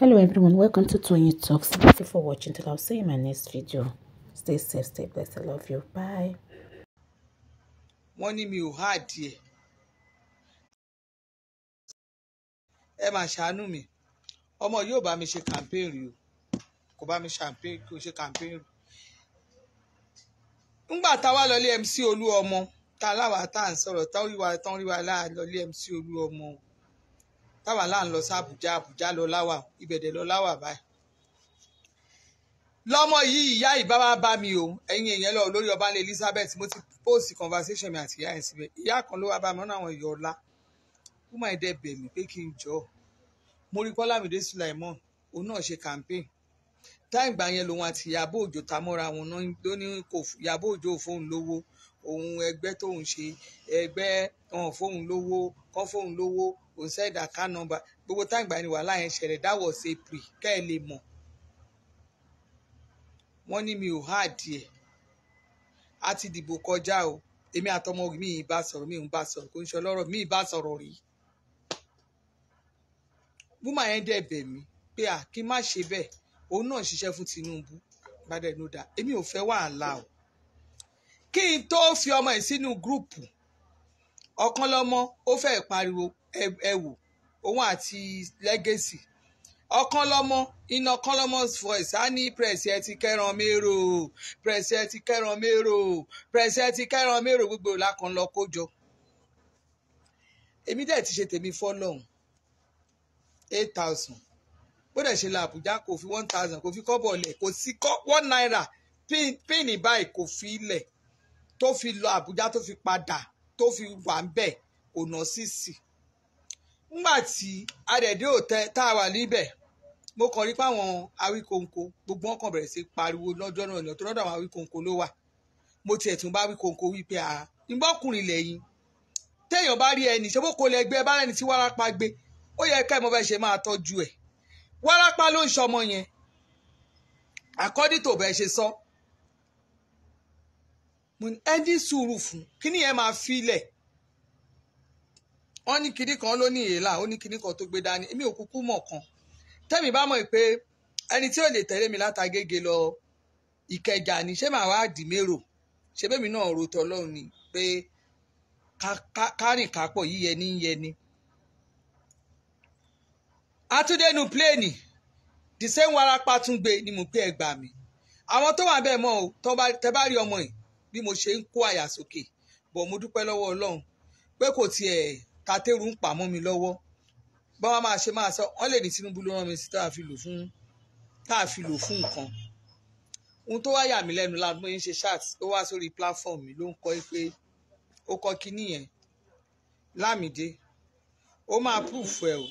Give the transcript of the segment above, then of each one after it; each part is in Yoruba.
hello everyone welcome to Toyeen Talks thank you for watching till i'll see you in my next video stay safe stay blessed i love you bye. wọ́n ní mi ò há adìẹ ẹ máa ṣàánú mi ọmọ yóò bá mi ṣe campaign rí o kò bá mi ṣe campaign rí ńgbà táwa lọlé MC Olúọmọ tá a láwa tá à ń sọ̀rọ̀ táwọn rí wa tán rí láà lọlé MC Olúọmọ o táwa là ń lọ sí Àbújá Àbújá lọ láwà ibẹ̀dẹ̀ lọ láwà báyìí. lọ́mọ yìí ìyá ìbáwá bá mi o ẹ̀yin èèyàn lọ lórí ọba ní Elizabeth mo ti post conversation mi àti ìyá ẹ̀ síbẹ̀ ìyá kan ló wá bá mi ọ̀nà àwọn ìyọ̀ ọ̀la wọ́n máa dẹ bẹ̀ mí pé kí n jọ mo rí Kọ́lámídé Sulaimon òun náà ṣe campaign táì gbà yẹn lòun àti Ìyábọ̀ Òjó ta mọ́ra wọn ló ní kò Ìyábọ̀ Òjó fóun lówó òun ẹgbẹ́ tóun ṣe ẹgbẹ́ fóun lówó kọ́ fóun lówó òun send account number gbogbo táwọn ìgbà ni wàhálà yẹn ṣẹlẹ̀ that was April kẹ́ ẹ lè mọ̀ wọ́n ní mi ò há adìẹ a ti dìbò kọjá o èmi àtọmọ mi ì bá sọ̀rọ̀ mi ì bá sọ̀rọ̀ kò ń sọ lọ́rọ̀ mi ì bá sọ̀rọ̀ rí búmà yẹn dẹ̀ bẹ̀ mí pé à kí n má ṣe bẹ́ẹ̀ òun náà ṣiṣẹ́ fún Tinubu bàdẹ̀ ló dà èmi ò fẹ́ wàhálà o kí n tó fi ọmọ ẹ̀ sínú gúrùpù ọ̀kan lọ́mọ ó fẹ́ẹ̀ pariwo ẹ òun àti legacy ọ̀kan lọ́mọ iná ọ̀kan lọ́mọ voice á ní pẹ̀sì ẹ ti kẹ́ran mérò pẹ̀sì ẹ ti kẹ́ran mérò pẹ̀sì ẹ ti kẹ́ran mérò gbogbo làkàn lọ kó èmi dẹ̀ ti ṣe tèmi fọ́lọ́hún eight thousand bó dẹ̀ ṣe la Àbújá kò fi one thousand kò fi kọ́bọ̀ lẹ̀ kò sí one naira pín pín ní báyìí kò fi lẹ̀ tó fi lọ Àbújá tó fi padà tó fi wà ń bẹ̀ ọ̀nà sísì ńgbà tí adẹ̀dé òtẹ tá a wà níbẹ̀ mo kàn rí páwọn awíkonko gbogbo wọn kàn bẹ̀rẹ̀ sí pariwo lọ́jọ́ náà lọ́tọ́ lọ́dọ̀ àwọn awíkonko ló wà mo tiẹ̀ tún bá awíkonko wípé a ìgbọ́kùnrin lẹ́yìn téèyàn bá rí ẹni ṣé bókò lẹ́gbẹ́ bá rẹ́ni tí wárápá gbé ó yẹ ká ìmọ̀ bẹ́ẹ̀ ṣe máa tọ́jú ẹ̀ wárápá ló ń ṣọmọ yẹn according to bẹ́ẹ̀ ṣe sọ. So ẹ dín sùúrù fún kíní yẹn máa filẹ̀ wọ́n ní kinní kan ló ní ìyèlà ó ní kinní kan tó gbé dání èmi ò kúkú mọ̀ kan tẹ́mi bá mọ̀ pé ẹni tí ò lè tẹ̀lé mi látàgége lọ ìkẹjà ni ṣé màá wá dì mérò ṣé bẹ́mi náà ro tọ́lọ́run ni pé kárìn kápọ̀ yíyẹ ní yẹ ni. atúndénu pléènì the same warapa tún gbé ni mo pé ẹ gbà mí àwọn tó wà bẹ́ẹ̀ mọ́ o tẹ́ bá rí ọmọ yìí bí mo ṣe ń kó àyà sókè bọ̀ mo dúpẹ́ lọ́wọ́ ọlọ́run pé kò tiẹ̀ tatẹ́rù ń pamọ́ mi lọ́wọ́ bá wa máa ṣe máa sọ wọ́n lè ní Tinubu ló rán mi sí tá a fi lò fún tá a fi lò fún nǹkan ohun tó wá yà mí lẹ́nu la mo ń ṣe chat ó wá sórí platform mi ló ń kọ́ pé ó kọ́ kinní yẹn Lámìdé ó máa proof ẹ o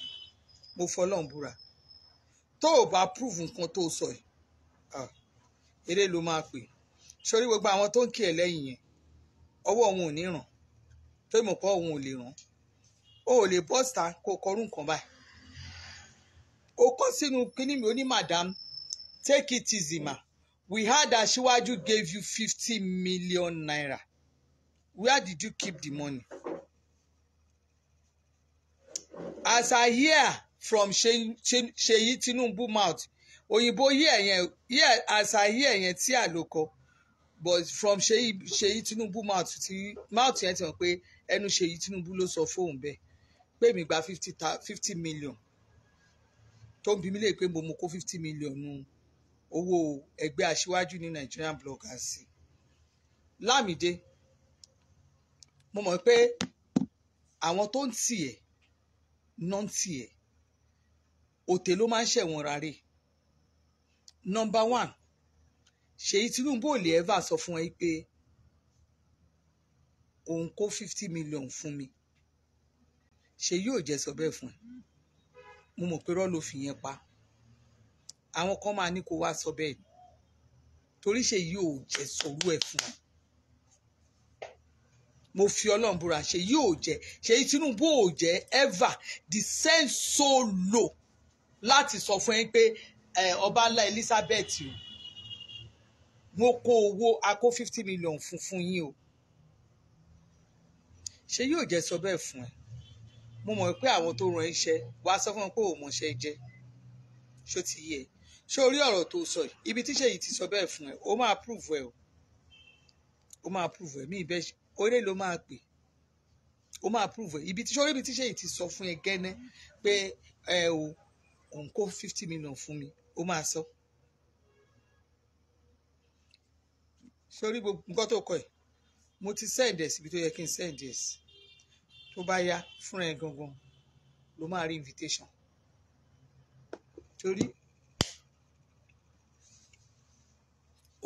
mo fọlọ́n búra tó o bá proof nǹkan tó o sọ yìí eré ló máa pè é sórí gbogbo àwọn tó ń kí ẹ lẹ́yìn yẹn ọwọ́ òun ò ní ràn tó ìmọ̀ pọ̀ òun ò lè ràn ó ò lè bọ́ síta kó o kọrú nǹkan báyìí ó kọ́ sínú kínní mi ó ní madam take it easy ma we heard aṣíwájú gave you fifty million naira where did you keep the money as I hear from Ṣèyí Tinubu mouth òyìnbó yí ẹ̀yẹn as I hear ẹ̀yẹn tí àlòkọ but from ṣèyí ṣèyí tinubu mouth ti mouth yẹn ti hàn pé ẹnu ṣèyí tinubu ló sọ fóun bẹ́ẹ̀ pé mi gba fifty million tó ń bi mí lè pé mo mú kó fifty million nu owó ẹgbẹ́ aṣíwájú ní Nigerian bloggers Lámìdé mo mọ̀ pé àwọn tó ń tì ẹ́ náà ń tì ẹ́ òtè ló máa ń ṣẹ̀wọ̀n rárẹ̀ number one Ṣèyí Tinubu ò lè ẹ́và sọ fún ẹ pé òun kó fifty million fún mi Ṣèyí ò jẹ́ sọ bẹ́ẹ̀ fún ẹ mo mọ̀ pé rọ́ọ̀lù fi yẹn pa àwọn kan máa ní kó wá sọ bẹ́ẹ̀ torí Ṣèyí ò jẹ́ sọrú ẹ̀ fún ẹ mo fi ọlọ́run búra Ṣèyí ò jẹ́ Ṣèyí Tinubu ò jẹ́ ẹ́và the same solo láti sọ fún ẹ pé ọba ńlá Elizabeth o mo kó owó a kó fifty million fún fún yín o ṣé yóò jẹ́ sọ bẹ́ẹ̀ fún ẹ mo mọ̀ pé àwọn tó ran iṣẹ́ wá sọ fún mi pé òun mọ̀ṣẹ́ jẹ́ ṣó ti yẹ ṣó orí ọ̀rọ̀ tó sọ yìí ibi tíṣẹ́ yìí ti sọ bẹ́ẹ̀ fún ẹ ó máa prove ẹ o ó máa prove ẹ mí ìbẹ́ orí ló máa pè ó máa prove ẹ ibi tíṣẹ́ orí ibi tíṣẹ́ yìí ti sọ fún ẹ gẹ́nẹ́ pé ẹ o òun kó fifty million fún mi ó máa sọ. So sórí gbogbo nǹkan tó kọ ẹ̀ mo ti send ẹ̀ síbi tó yẹ kí n send ẹ̀ sí tó bá yá fúnra ẹ̀ gangan ló máa rí invitation torí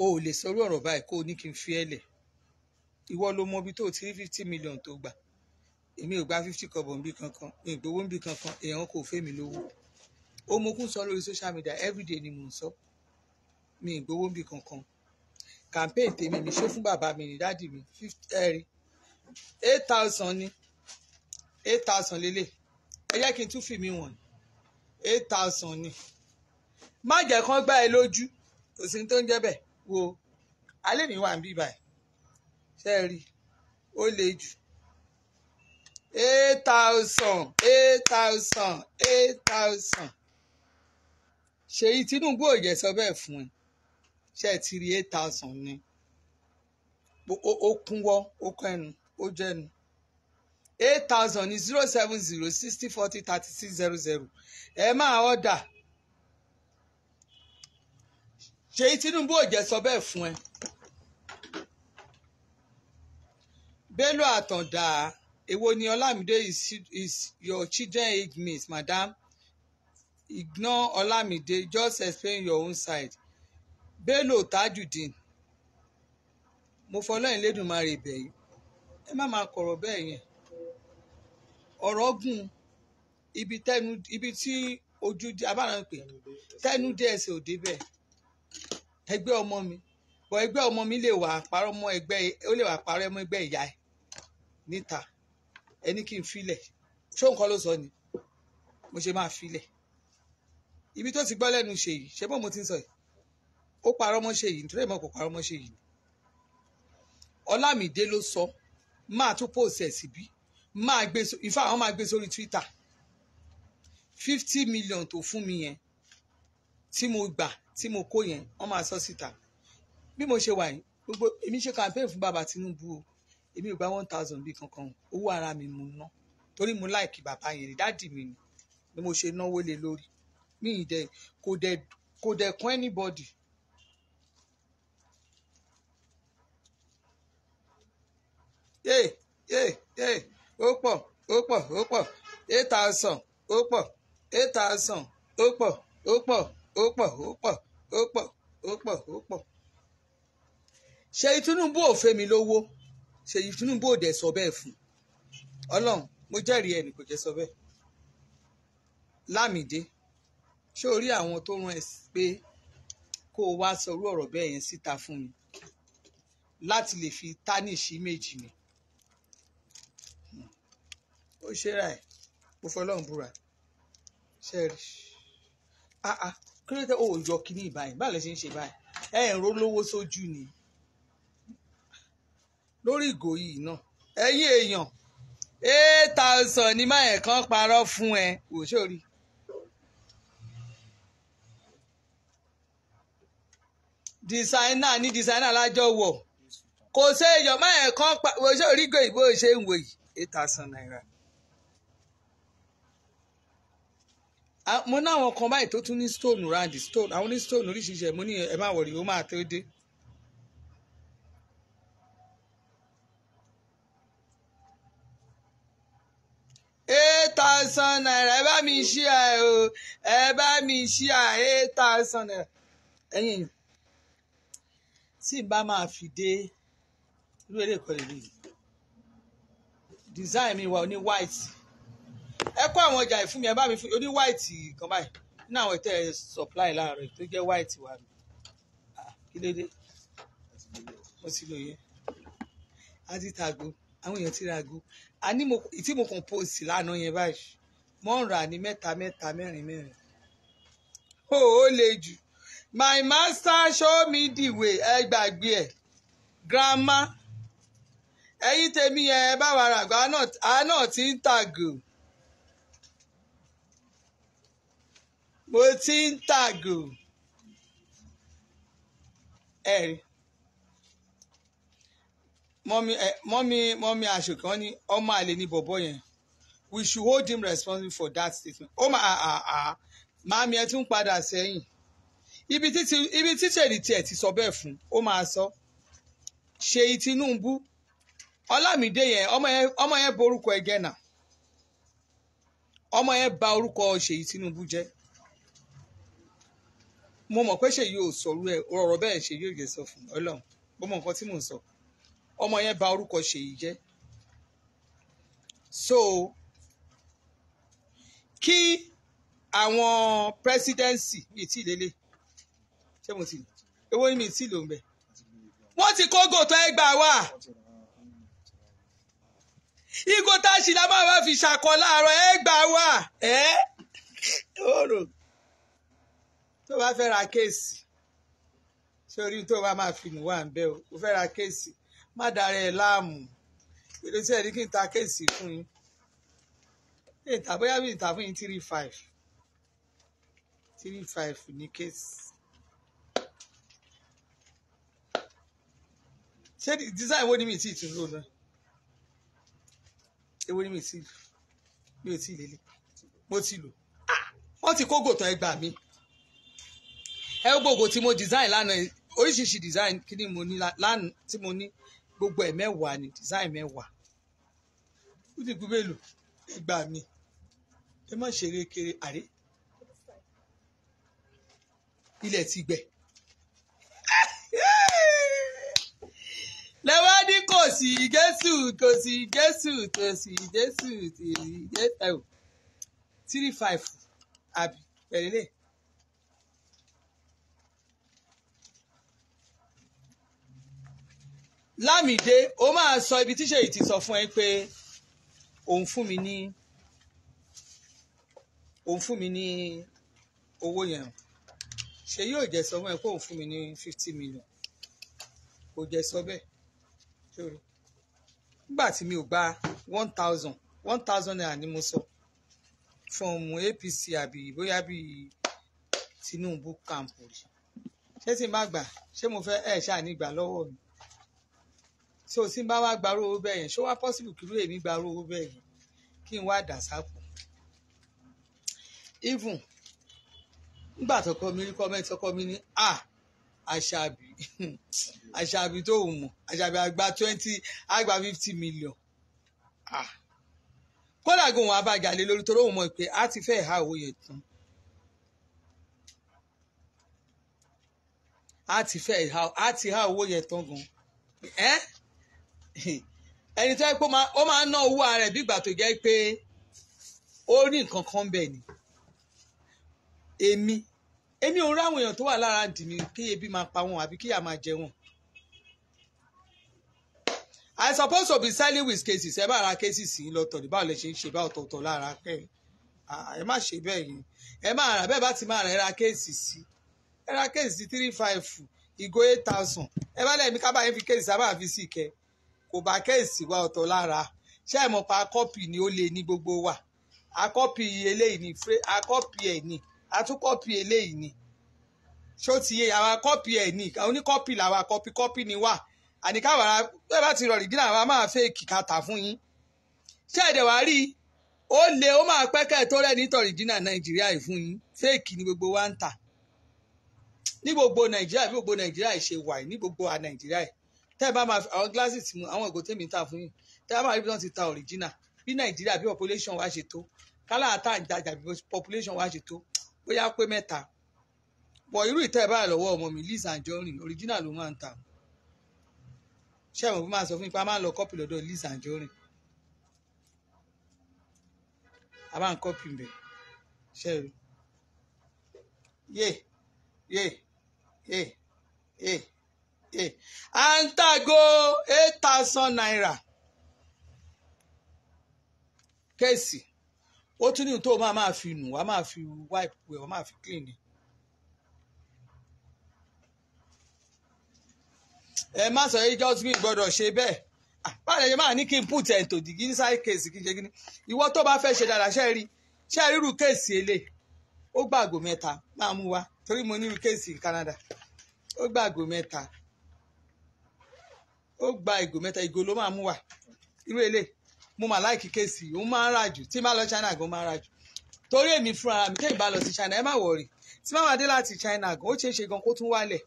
o ò lè sọrú ọ̀rọ̀ báyìí kó o ní kí n fi ẹ́ lẹ̀ ìwọ ló mọ ibi tó ti rí fifty million tó gbà èmi ò gba fifty kọ́bọ̀ nbí kankan ìgbowó nbí kankan èèyàn kò fẹ́ mi lówó ó mokún sọ lórí social media everyday ni mò ń sọ mi ìgbowó nbí kankan campaign tèmi mi ṣó fún bàbá mi ní dáàdì mi fifty eight thousand ni eight thousand lélẹ̀ ẹ jẹ́ kí n tún fi mi wọ̀n eight thousand ni má jẹ́ kán gbá ẹ lójú kò sí tó ń jẹ́ bẹ́ẹ̀ wo alẹ́ mi wà ń bí báyìí ṣe rí ó le jù eight thousand eight thousand eight thousand ṣèyí Tinubu ò jẹ́ sọ bẹ́ẹ̀ fún ẹ ṣe é ti rí eight thousand ni ó kúnwọ́ ó kọ́ ó jẹ́nu eight thousand ní zero seven zero sixty forty thirty six zero zero ẹ máa ọ̀dà ṣèyí Tinubu ò jẹ́ sọ bẹ́ẹ̀ fún ẹ Bello Àtàndá èwo ni Olamide is, is your children ignis madam ignore Olamide just explain your own side Bello Tajudeen mo fọlọ́yìn lẹ́dùnmarè bẹ̀yí ẹ má máa kọ̀rọ̀ bẹ́ẹ̀ yẹn ọ̀rọ̀ gùn ibi tẹnu ibi tí ojú abáran pè tẹnu dé ẹsẹ̀ òde bẹ́ẹ̀ ẹgbẹ́ ọmọ mi bọ̀ ẹgbẹ́ ọmọ mi lè wà parọ́ mọ́ ẹgbẹ́ ó lè wà parọ́ mọ́ ẹgbẹ́ ìyá ẹ̀ níta ẹni kí n filẹ̀ ṣó nǹkan ló sọ ni mo ṣe máa filẹ̀ ibi tó ti gbọ́ lẹ́nu ṣèyí ṣé bó mo ti ń sọ yìí ó parọ́ mọ́ Ṣèyí nítorí ìmọ̀ kò parọ́ mọ́ Ṣèyí Ọlámídé ló sọ máa tún pòsẹ̀ síbí máa gbé ìfà àwọn máa gbé sórí Twitter fifty million tó fún mi yẹn tí mo gbà tí mo kó yẹn wọ́n máa sọ síta bí mo ṣe wà yìí gbogbo èmi ṣe campaign fún bàbá Tinubu o èmi ò gba one thousand bíi kankan owó ara mi mo ná torí mo láìkì bàbá yẹn ní dáàdì mi ni ni mo ṣe náwó lé lórí mi ì dẹ kò dẹ kò dẹ kún anybody yé yé yé ó pọ̀ ó pọ̀ ó pọ̀ eight thousand ó pọ̀ eight thousand ó pọ̀ ó pọ̀ ó pọ̀ ó pọ̀ ó pọ̀ ó pọ̀ ó pọ̀. Ṣèyí Tinubu ò lówó Ṣèyí Tinubu ò sọ bẹ́ẹ̀ fún Ọlọ́run mo jẹ́rìí ẹnì kò jẹ́ sọ bẹ́ẹ̀ Lámìdé ṣé o rí àwọn tó rán ẹ pé kó o wá sọ irú ọ̀rọ̀ yẹn síta fún mi láti lè fi tánìṣí méjì mi ó ṣera ẹ̀ mo fọ́ ọlọ́run búra ṣẹ́ẹ̀rì ah ah kí ló dé o ò yọ kíní ìbáyìí báà lè ṣe ń ṣe báyìí ẹ̀ ń rólówó sójú ni lórí ìgò yìí náà ẹ̀yin èèyàn eight thousand ní máyẹ̀ kan parọ́ fún ẹ òṣòrí. dìsáínà ní dìsáínà lájọ wọ̀ kò séèyàn máyẹ̀ kan òṣòrí gbé ìbò ṣe ń wò yìí eight thousand naira. mo ní àwọn kan báyìí tó tún ní stone round stone àwọn ní stone oríṣiríṣi ẹ̀ mo ní ẹ má wọ̀rí ó máa tó dé. eight thousand naira ẹ bá mi ṣí à o ẹ bá mi ṣí à eight thousand naira ẹ̀yin tí n bá máa fi dé irú eré ìkọlẹ̀ yìí design mi wà ó ní white ẹ kó àwọn ọjà ìfún mi ẹ bá mi fún oní white kan báyìí nínú àwọn ètò ẹ supply láàárọ̀ tó jẹ́ white wà Ah, kí ló dé mo ti lò yẹ a ti tàgò àwọn èèyàn ti ràgò a ní mo tí mo kàn post lánàá yẹn báyìí mo ń rà ní mẹ́ta mẹ́ta mẹ́rin mẹ́rin ó ó le jù my master show me the way ẹ gbàgbé ẹ grandma ẹ̀yin tèmi yẹn ẹ bá wa ra àgbà àá náà ti ń tàgò mo ti ń tàgò ẹ̀rí mọ́mí mọ́mí mọ́mí àṣekàn ní ọmọ àlè ní bọ̀bọ̀ yẹn we should hold him responsible for that statement ó máa à à màámi ẹ tún padà sẹ́yìn ibi títí ibi títí èrìtì ẹ̀ ti sọ bẹ́ẹ̀ fún ó máa sọ ṣèyí Tinubu ọlámídé yẹn ọmọ yẹn borúkọ orúkọ ọmọ yẹn ba orúkọ ṣèyí tinubu jẹ mo mọ̀ pé ṣèyí ò sọ̀rọ̀ ẹ bẹ́ẹ̀ ṣèyí ò sọ fún ọlọ́run mo nǹkan tí mò sọ ọmọ yẹn ba orúkọ so kí àwọn mi ti ṣé mo ti mi ti lò ń ti igbó tá a sì lá máa fi ṣàkọ láàárọ̀ ẹ gbà wá ẹ ọ̀rọ̀ tó bá fẹ́ ra kéèsì sórí tó bá máa fi mú wà ń bẹ́ o ó fẹ́ ra kéèsì má dára ẹ láàmú ìrètí ẹ̀rí kí n ta kéèsì fún yín kí n bóyá bí n fún yín three five three five ní kéèsì. ṣé design wo ni mi ti tún lò náà ewé ni mi ti lò mi ò tí ì lélẹ̀ mo ti lò ah! wọ́n ti kó gòtàn ẹgbà mi ẹ gbogbo tí mo design lánàá oríṣiríṣi design kí ni mo ní lánàá tí mo ní gbogbo ẹ̀ mẹ́wàá ni design mẹ́wàá ó ti gbé bẹ́ẹ̀ lò ẹgbà mi ẹ má ṣeré kéré àrí ilẹ̀ ti gbẹ̀ lẹ́wọ́n ní kò sí jésù kò sí jésù kò sí jésù three five àbí pẹ̀lẹ́lẹ̀. lámìdé ó máa sọ ibi tíṣe yìí ti sọ fún ẹ pé òun fún mi ní òun fún mi ní owó yẹn ṣe yóò jẹ sọ fún ẹ pé òun fún mi ní fifty million kò jẹ sọ bẹ́ẹ̀ nígbà tí mi ò gba one thousand one thousand naira ni mo sọ from APC àbí bóyá bí Tinubu camp rí ṣé tí n bá gbà ṣé mo fẹ́ ẹ̀ ṣáà ní gbà lọ́wọ́ mi tí o sì ń bá wá gbarú owó bẹ́ẹ̀ yẹn ṣó wá possible kí irú èmi gbarú owó bẹ́ẹ̀ yẹn kí n wá dà sápò even nígbà tọkọ mi rí kọ́mẹ́ntì ọkọ mi ní ah aṣáàbí aṣáàbí tó wù mọ́ aṣáàbí àgbà twenty àgbà fifty million ah. kódà gan wọn abájáde lórí torí òun mọ̀ pé a ti fẹ́ ha owó yẹn tán a ti fẹ́ a ti ha owó yẹn tán gan ẹ́ ẹni tó yẹ pé ó máa ń ná owó ara ẹ̀ bí ìgbà tó jẹ́ pé ó ní nǹkan kan bẹ́ẹ̀ ni èmi èmi ò ráwọn èèyàn tó wà lára dì mí kí ebi máa pa wọn àbí kíyà máa jẹ wọn. I suppose to be selling with cases ẹ bá ara cases yìí lọ tọ̀lé báwo lè ṣe ń ṣe bá ọ̀tọ̀ọ̀tọ̀ lára pẹ́ ẹ má ṣe bẹ́ẹ̀ yìí ẹ máa rà bẹ́ẹ̀ bá ti máa rà ẹ cases sí ẹ cases sí three five ìgò eight thousand ẹ bá lẹ́yìn mi ká bá yẹn fi cases sábà fi sí kẹ kò bá cases wá ọ̀tọ̀ lára ṣé ẹ mọ̀ pa akọ́pì ni ó lè ní gbogbo wa akọ́pì eléyìí ni akọ́pì ẹ̀ ni àtúnkọ́pì eléyìí ni ṣó ti yé àwa kọ́pì ẹ̀ ní oníkọ́pì làwa kọ́pì kọ́pì ni wà àníkàwà bẹ́ẹ̀ bá ti rọrì dínà àwa máa fẹ́ kìkàtà fún yín ṣé ẹ̀dẹ̀ wá rí i ó lè ó máa pẹ́kẹ́ tó rẹ̀ nítorí dínà nàìjíríà yìí fún yín fẹ́ẹ̀kì ni gbogbo wa ń tà ní gbogbo nàìjíríà bí gbogbo nàìjíríà ṣe wà ní gbogbo à nàìjíríà yìí tẹ́ ẹ bá máa àwọn glasses mu àwọn ìgò tèmi ń fún yín tẹ́ ẹ bá rí bí wọ́n ti ta original bí nàìjíríà bí population wa ṣe tó kálá àtàǹjà population wa ṣe tó bóyá pé mẹ́ta bọ̀ irú ìtẹ́ báyìí lọ́wọ́ ọmọ mi Liz and Johnny? original ló máa ń ta ṣé àwọn òbí máa sọ fún mi pé a máa ń lọ kọ́pì lọ́dọ̀ Liz Anjorin a máa ń kọ́pì mbẹ̀ ṣe rí yé yé yé yé yé à ń tàgò eight thousand naira kéèsì. ó tún ní tó máa máa fi nù wá fi wipe wẹ̀ wá fi clean ni. ẹ má sọ yìí just green ṣe bẹ́ẹ̀ báyìí ẹ̀yẹ máa ní kí n put ẹ̀ di inside case kí n ṣe gíní ìwọ tó bá fẹ́ ṣe dáadáa ṣe rí ṣe kéèsì ó gbàgbó máa mú gba ìgò ìgò ló máa mú mo mà láìkí kéèsì ma máa ń rà tí má lọ China gan máa ń rà torí èmi fúnra mi kéèyàn bá lọ China ẹ má wọrí tí má wà dé China gan ó ṣeé gan kó tún wálẹ̀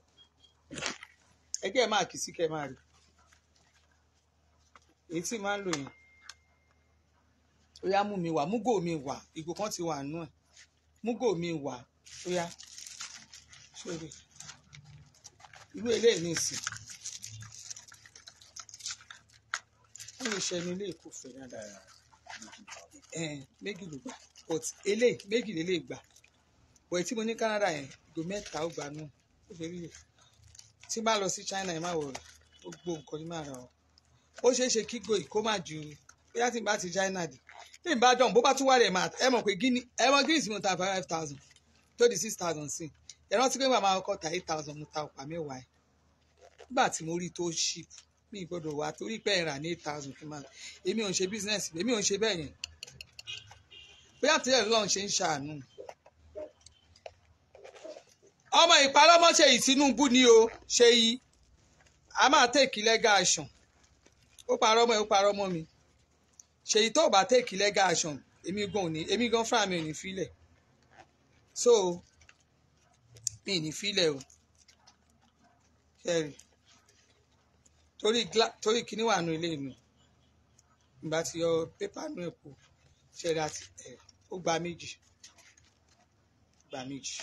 ẹgbẹ́ ẹ̀ máa kì í sí kẹ́ ẹ máa rí èyí mi wá múgò mi wá ìgò kan ti wà nù múgò mi wá ó yá sórí eléyìí fún iṣẹ́ ní ilé ìkó fẹ́ dáadáa méjì ló gbà but eléyìí méjì lè lè gbà but tí mo ní Canada yẹn ìgò mẹ́ta ó gbà náà tí bá lọ sí China ẹ̀ máa wọ̀ rẹ̀ ó gbó nǹkan ní màrà ọ̀ ó ṣeé ṣe kí gòyì kó má ju bóyá tí n bá ti China dì tí n bá dán bó bá tún wà rẹ̀ máa ẹ mọ̀ pé gíní ẹ mọ̀ gíní sí mo ta five thousand tó six thousand sí ẹ rántí pé màmá ọkọ̀ ta eight thousand mo ta ọ̀pá mẹ́wàá ẹ̀ nígbà tí mo rí tó ṣìpù mi gbọ́dọ̀ wá torí pé ẹ̀rà ní thousand fún mi èmi ò ń ṣe business èmi ò ń ṣe bẹ́ẹ̀ yẹn bóyá tẹ́lẹ̀ lọ́run ṣe ń ṣàánú. ọmọ ìparọ́mọ́ ìtinúbù ni o ṣe yí a máa tèkì lẹ́gà àṣàn ó parọ́ mọ́ ẹ ó parọ́ mọ́ mi ṣèyí tó bá tèkì lẹ́gà àṣàn èmi gan òní èmi gan fúnra mi ò ní filẹ̀ so mi ò ní filẹ̀ o torí torí kíní wà nù ilé mi ìgbà tí yọ pépà nù èpo ṣẹlẹ àti ẹ ó gba méjì gba méjì.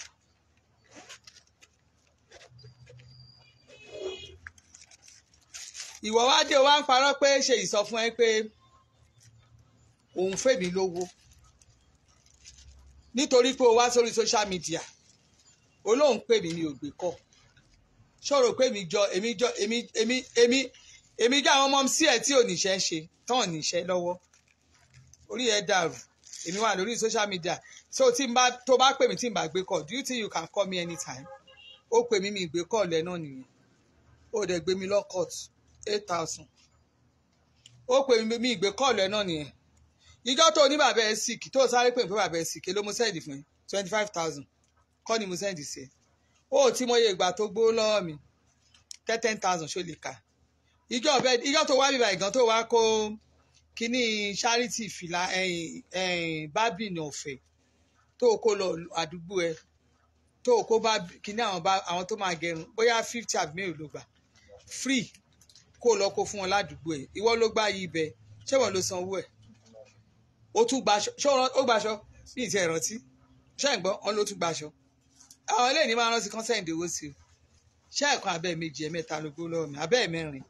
ìwọ wá dé wá ń parọ́ pé ṣe ìsọfún ẹ pé òun fèmí lówó nítorí pé o wá sórí social media olóhùn pè mí ní ògbé kọ́ ṣọ́rọ̀ pé èmi jọ èmi jọ èmi èmi èmi èmi jọ àwọn ọmọ sí ẹ̀ tí ò níṣẹ́ ṣe tán ò níṣẹ́ lọ́wọ́ orí ẹ̀ dàrú èmi wà lórí social media so tí n bá tó bá pè mí tí n bá gbé call do you think you can call me anytime ó pè mí mi gbé call lẹ́nà nìyẹn ó dẹ̀ gbé mi lọ́kọ̀t eight thousand ó pè mí mi gbé call lẹ́nà nìyẹn ìjọ tó ní bàbá ẹ̀ sick tó sáré pè mí pé bàbá ẹ̀ sick ló mú sẹ́ẹ̀dì fún twenty five thousand kọ́ ni mo sẹ́ẹ̀dì sí ẹ̀ ó ti mọye ìgbà tó gbó lọ́wọ́ mi ten ten thousand ṣó lè kà ìjọ ọbẹ ìjọ tó wá bíbá ìgàn tó wá kó kínní charity fìlà bábìnì ọ̀fẹ́ tó kó lọ àdúgbò ẹ tó kó bá kínní àwọn tó máa gẹrun bóyá fifty àbí mélòó ló gbà free kó lọ kó fún wọn ládùúgbò ẹ ìwọ ló gbá yìí bẹ ṣé wọn ló sanwó ẹ o tún gbaṣọ ṣé o gbaṣọ ní ìtì ẹ̀rántí ṣé ẹ̀ ń gbọ́ wọn ló tún gbaṣọ àwọn eléyìí máa rántí kán sẹ́yìn dowó sí o ṣé ẹ̀kan abẹ́ méjì ẹ̀mẹ́ta ló gbó lọ́wọ́ mi abẹ́ mẹ́rin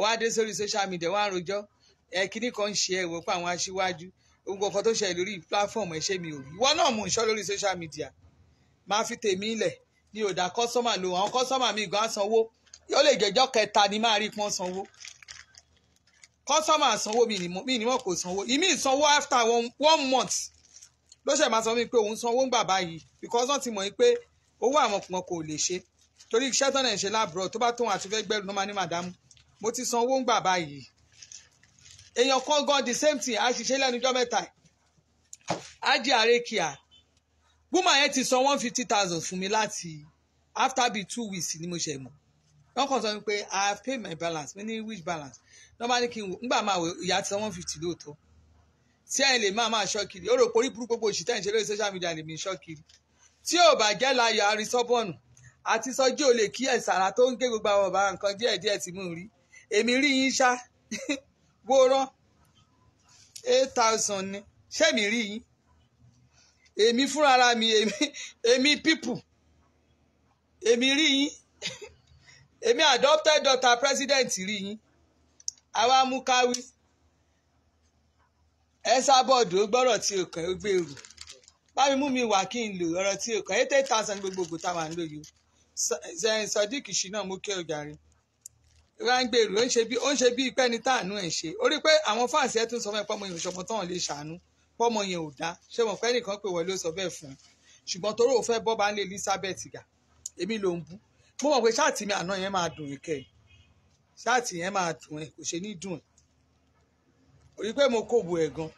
wàá dé sórí social media wàá rojọ́ ẹ̀ kíní kan ń ṣe ẹ̀wọ̀ pa àwọn aṣíwájú gbogbo nǹkan tó ṣẹlẹ̀ lórí platform ẹ̀ṣẹ́ mi ò rí ìwọ náà mú ìṣọ́ lórí social media máa fi tèmi ilẹ̀ ní òdà kọ́sọ́mà lò àwọn kọ́sọ́mà mi gan sanwó yóò lè jẹ́jọ́ kẹta ni máa rí pọ́n sanwó kọ́sọ́mà sanwó mi ni mọ̀ kò sanwó ìmí ìsanwó after one, one month ló ṣẹ̀ máa sọ mí pé òun sanwó ń gbà báyìí because wọ́n ti mọ̀ pé owó àwọn kan kò lè ṣe torí iṣẹ́ tán náà ń ṣe láàbùrọ̀ tó bá tóun àti fẹ́ gbẹ́rù ló máa ní màdámù mo ti sanwó ń gbà báyìí èèyàn kan gan the same thing a sì ṣe lẹ́nu ọjọ́ mẹ́ta ajé àrékìá woman yẹn ti san one fifty thousand fún mi láti after be two weeks ni mo ṣe mọ̀ wọ́n kàn sọ pé i have paid my balance mi ní which balance wọ́n bá ní kí n wò ńgbà máa wò ìyá ti san one fifty lóòótọ́ tí ẹ̀yin lè máa máa ṣọ́ kiri ó rò pé orí burúkú gbogbo òṣìṣẹ́ ìṣe lórí social media lè mi ṣọ́ kiri tí ò bá jẹ́ láyọ̀ arisọ́bọ̀nù àti sọjí ò lè kí ẹ̀sàrà tó ń gé gbogbo àwọn ọ̀bá nǹkan díẹ̀díẹ̀ tí mò ń rí èmi rí yín ṣá wo rán eight thousand ni ṣé mi rí yín èmi fúnra mi èmi pípù èmi rí yín èmi adopted daughter president rí yín àwa mú ẹ sábọ̀dù ó gbọ́rọ̀ tí o kàn ó gbèrú bámi mú mi wá kí n lò ọ̀rọ̀ tí o kàn eight eight thousand gbogbogbò táwa ń lò yìí sadiq ṣìnà mú kí ọjà rẹ ráńgbèrú ó ń ṣe bí ó ń ṣe bí ipẹ́ni táànú ẹ̀ ṣe ó rí pé àwọn fáǹsì ẹ̀ tún sọ fún ẹ pọ́mọ yẹn òṣọmọ tán lè ṣàánú pọ́mọ yẹn ò dá ṣé wọn pẹ́ nìkan pé wọlé ó sọ bẹ́ẹ̀ fún un ṣùgbọ́n toró ò fẹ́ ń lé Elizabeth gà èmi ló ń bú mo mọ̀ pé ṣáàtì mi àná yẹn máa dùn ìkẹ́ ṣáàtì yẹn máa dùn ẹ̀ kò ṣe ní dùn ẹ̀ orí pé mo kóbo ẹ̀ gan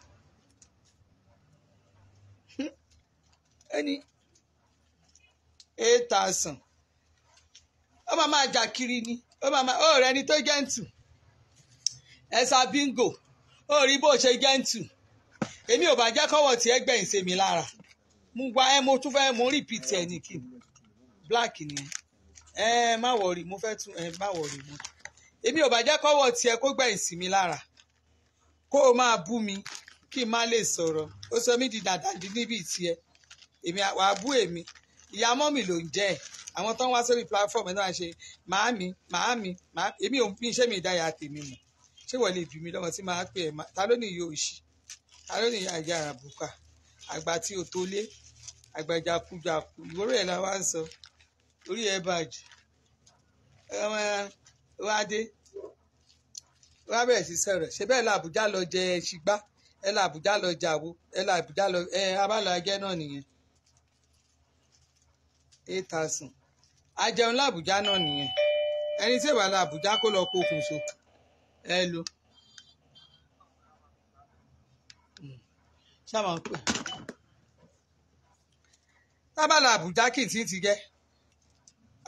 ẹni eight thousand ó máa máa jà kiri ni ó máa máa ó rẹ ni tó jẹ́ǹtù ẹ̀sà bíngò ó rí bó ṣe jẹ́ǹtù èmi ò bá jẹ́ kọ́wọ́ tí ẹ gbẹ̀yìn mi lára mo gba ẹ mo tún fẹ́ mo repeat ẹ ní kí black ni ẹ má wọrí mo fẹ́ tún ẹ má wọrí mo èmi ò bá jẹ́ kọ́wọ́ tí ẹ kó gbẹ̀yìn sí mi lára kó o máa bú mi kí n má lè sọ̀rọ̀ ó sọ mí di dàdà dín níbi ìtiẹ̀ èmi wà á èmi ìyá mọ́mì ló ń jẹ́ ẹ̀ àwọn tó ń wá sórí platform ẹ̀ náà ṣe màámi màámi màámi èmi ò fi iṣẹ́ mi ìdáyà tèmi mọ̀ ṣé wọ́n lè bí mi lọ́mọ tí màá pè ẹ̀ ta ló ní iye òṣì ta ló ní ìyá ìyá àbùkà àgbà tí o tó lé àgbà jakujaku ìwúrò ẹ̀ la wá ń sọ orí ẹ̀ bàjẹ́ ọmọ wádé wọ́n á bẹ̀rẹ̀ sí sọ̀rọ̀ ṣe bẹ́ẹ̀ la Àbújá lọ jẹ ṣìgbá ẹ la Àbújá lọ jẹ àwo ẹ la Àbújá lọ ẹ abálàjẹ náà nìyẹn eight thousand ajẹun làbújá náà nìyẹn ẹni tí ìwà làbújá kó lọ pokùn ẹ lo hmm. ṣáwọn pè kì í ti ti jẹ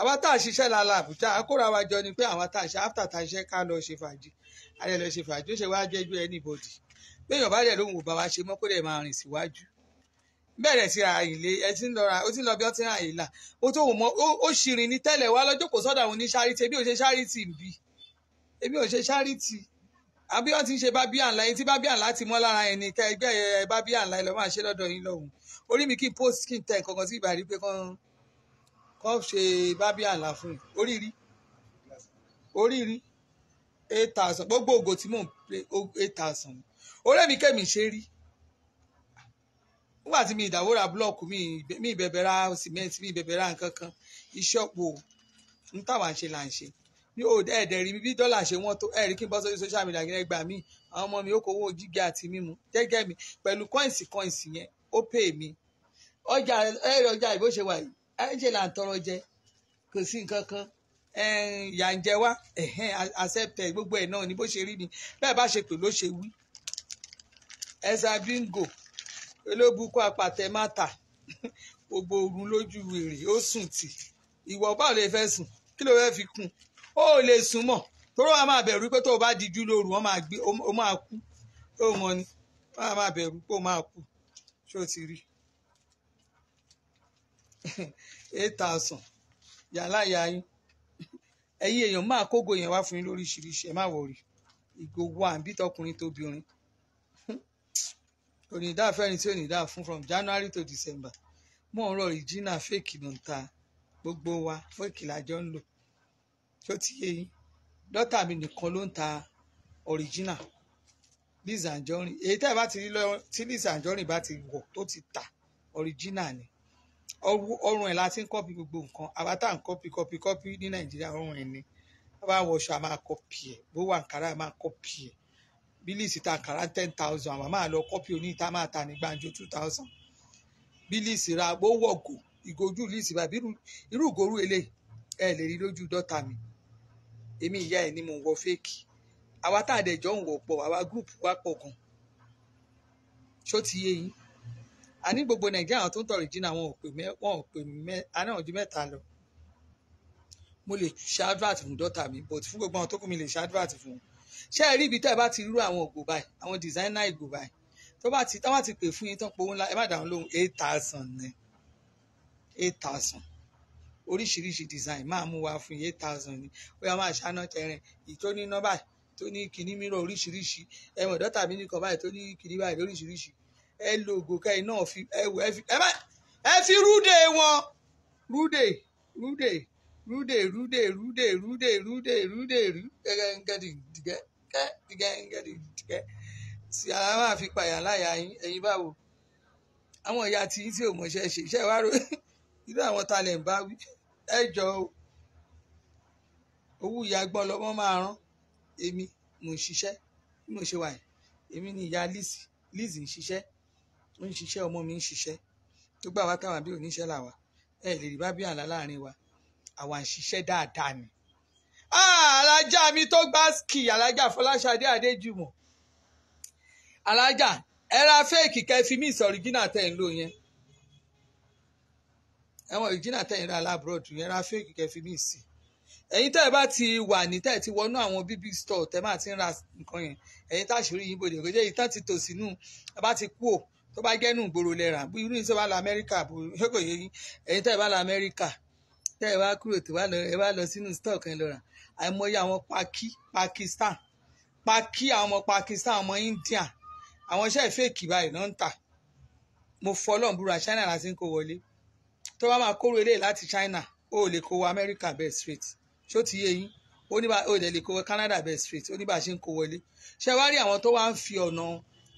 àwa tá a ṣiṣẹ́ la la Àbújá akóra wa jọ ni pé àwa tá a ṣe after tá a ṣe ká lọ ṣe fàájì alẹ́ lọ ṣe fàájú ṣe wá jẹ́jú anybody béèyàn bá dẹ̀ lóhùn ò bá wa ṣe mọ́ kó dẹ̀ máa rìn síwájú bẹ̀rẹ̀ sí àyìnlé ẹ ti ń lọ́ra ó ti ń lọ bí ó ti ń àyìn là ó tó mọ ó ṣìrìn ní tẹ́lẹ̀ wá lọ́jọ́ kò sọ́dọ̀ àwọn oníṣáríìtì ebi ò ṣe ṣáríìtì bí ebi ò ṣe ṣáríìtì àbí wọ́n ti ń ṣe bábíà ńlá yín tí bábíà ńlá ti mọ́ lára ẹni kẹ́ ẹgbẹ́ ẹ bábíà ńlá ẹ lọ́ máa ṣe lọ́dọ̀ yín lọ́hùn orí mi kí n post kí n tẹ̀ kankan sí ìbàrí pé kán kán ṣe bábíà ńlá fún yín oríire oríire eight gbogbo tí mò ń mi kẹ́mi ṣe rí nígbà tí mi ìdáwó búlọ́ọ̀kù mi ìbẹ̀bẹ̀ sìmẹ́ǹtì mi ìbẹ̀bẹ̀ nǹkan kan iṣẹ́ ń tàwa mi rí bí dọ́là ṣe wọ́n tó ẹ̀rí kí n bọ́ sórí social media gẹ́gẹ́ gbà mí àwọn ọmọ mi ó kówó jíjẹ àti mímu gẹ́gẹ́ mi pẹ̀lú kọ́ìnsì kọ́ìnsì yẹn ó pè mí ọjà ẹ̀rí ọjà ìbò ṣe wà yà ń jẹ wá àṣẹpẹ gbogbo ẹ̀ náà ni bó ṣe rí ni bẹ́ẹ̀ bá ṣe pè ló ṣe wí ẹ̀sà bíngò olóbùkún apàtẹ mátà gbogbo ogun lójú wèrè ó sùn tì ìwọ bá lè fẹ́ sùn kí ló fẹ́ fi kún ó lè sùn mọ́ toró wa máa bẹ̀rù pé tó o bá dijú lóru wọn máa gbé o máa kú ó mọ ni wọn máa bẹ̀rù pé o máa kú ṣó ti rí eight thousand yàrá ìyá yín ẹ̀yin èèyàn máa kógo èèyàn wá fún yín lóríṣiríṣi ẹ má wọrí ìgò wà ń bí tọkùnrin tó bìnrin kò ní dá fẹ́ni tí ò ní dá fún from January to December mò ń rọ original fake ló ń ta gbogbo wa fake làjọ ń lò tó ti yé yín dọ́tà mi nìkan ló ń ta original Lizzy Anjorin èyí tẹ́ ẹ bá ti rí lọ tí Lizzy Anjorin bá ti wọ̀ tó ti ta original ni ọrùn ẹ̀ la ti ń kọ́pì gbogbo nǹkan àwa tá à ń kọ́pì kọ́pì kọ́pì ní nàìjíríà ọrùn ẹ̀ ni bá wọṣọ a máa kọ́pì ẹ̀ bó wà nkàrà a máa kọ́pì ẹ̀ bílíìsì ta nkàrà ten thousand àwa máa lọ kọ́pì oní ìta máa ta ní gbàǹjo two thousand bílíìsì ra bó wọ̀gò ìgòjú líìsì bàbí irú ìgòrú eléyìí ẹ lè rí lójú dọ́ta mi èmi ìyá ẹ̀ ni mò ń wọ fẹ́ẹ̀kì àwa tá a dẹ̀ jọ ń wọ̀ pọ̀ àwa gúrùpù wa pọ̀ gan ṣó ti yé yín a ní gbogbo nàìjíríà àwọn tó ń tọrọ ìjìnà wọn ò pè mẹ wọn ò pè mẹ a náà ju mẹ́ta lọ mo lè ṣáàdúràtì fún dọ́tà mi but fún gbogbo àwọn tó kù mi lè ṣáàdúràtì fún un ṣé ẹ rí ibi tẹ́ ẹ bá ti rú àwọn ògbò báyìí àwọn dìsáínà ìgbò báyìí tó bá ti táwọn ti pè fún yín tán pé ńlá ẹ má dàrú lóhùn eight thousand ni eight thousand oríṣiríṣi design máa mú wa fún eight thousand ni ó yà máa ṣáná tẹrin ìtó ní nọ́mbà tó ní kìíní mìíràn oríṣiríṣi ẹ̀wọ̀n dọ́tà mi nìkan báyìí tó ní kìíní báyìí lóríṣiríṣi ẹ lo ògo kẹ́yìn náà fi ẹ wò ẹ fi ẹ bá ẹ fi rúdè wọn rúdè rúdè rúdè rúdè rúdè rúdè rúdè rúdè rúdè gẹ́gẹ́gẹ́dìgẹ́ tí a máa fi pààyàn láyà ẹ̀yin báwo àwọn ìyá tí tí ò mọ̀ṣẹ́ ṣe iṣẹ́ wa rò irú àwọn talẹ̀ ń bá wí ẹ jọ owó ìyá gbọ́n lọ́mọ máa rán èmi mò ń ṣiṣẹ́ bí mo ṣe wà yìí èmi ni ìyá Lizzy Lizzy ń ṣiṣẹ́ ń ṣiṣẹ́ ọmọ mi ń ṣiṣẹ́ gbogbo àwa táwọn àbí oníṣẹ́ làwà ẹ lè rí bábí àlá láàrin wa àwa ń ṣiṣẹ́ dáadáa ni. Ah, alájà mi tó gbá ski alájà Fọláṣadé Adéjùmọ̀ alájà ẹ ra fẹ́ẹ̀kì kẹfí mi ìsọ̀rìjìnà tẹ̀ ń lò yẹn ẹ̀wọ̀n ìjìnà tẹ̀ ń ra alábùrọ̀dù yẹn ra fẹ́ẹ̀kì kẹfí mi sí ẹ̀yin tẹ́ ẹ bá ti wà ní tẹ́ ẹ ti wọnú àwọn bíbí store tẹ́ máa ti ń ra nǹkan yẹn ẹ̀yin táṣìírí yín bòde kò jẹ́ ìtàn ti tò sínú ẹ bá ti kú ò tó bá jẹ́ nù gbòòrò lẹ́ra irú ní sọ bá la amẹ́ríkà ṣé kò yẹ yín ẹ̀yin tẹ́ ẹ bá la amẹ́ríkà tẹ́ ẹ bá kúrò tó ẹ bá lọ sínú stock ẹ lọ rà àìmọye àwọn paki pakistan paki àwọn ọmọ pakistan ọmọ india àwọn iṣẹ́ fèkì báyìí náà ń tà mo fọlọ́n búra china láti ń kó wọlé tó bá máa kóró eléyìí láti china ó lè kó wọ amẹ́ríkà bẹ́ẹ̀ straight ṣó ti yé yín ó ní bá ó lè kó wọ canada bẹ́ẹ̀ street, ó ní bá ṣe ń kó wọlé ṣé wá rí àwọn tó wá ń fi ọ̀nà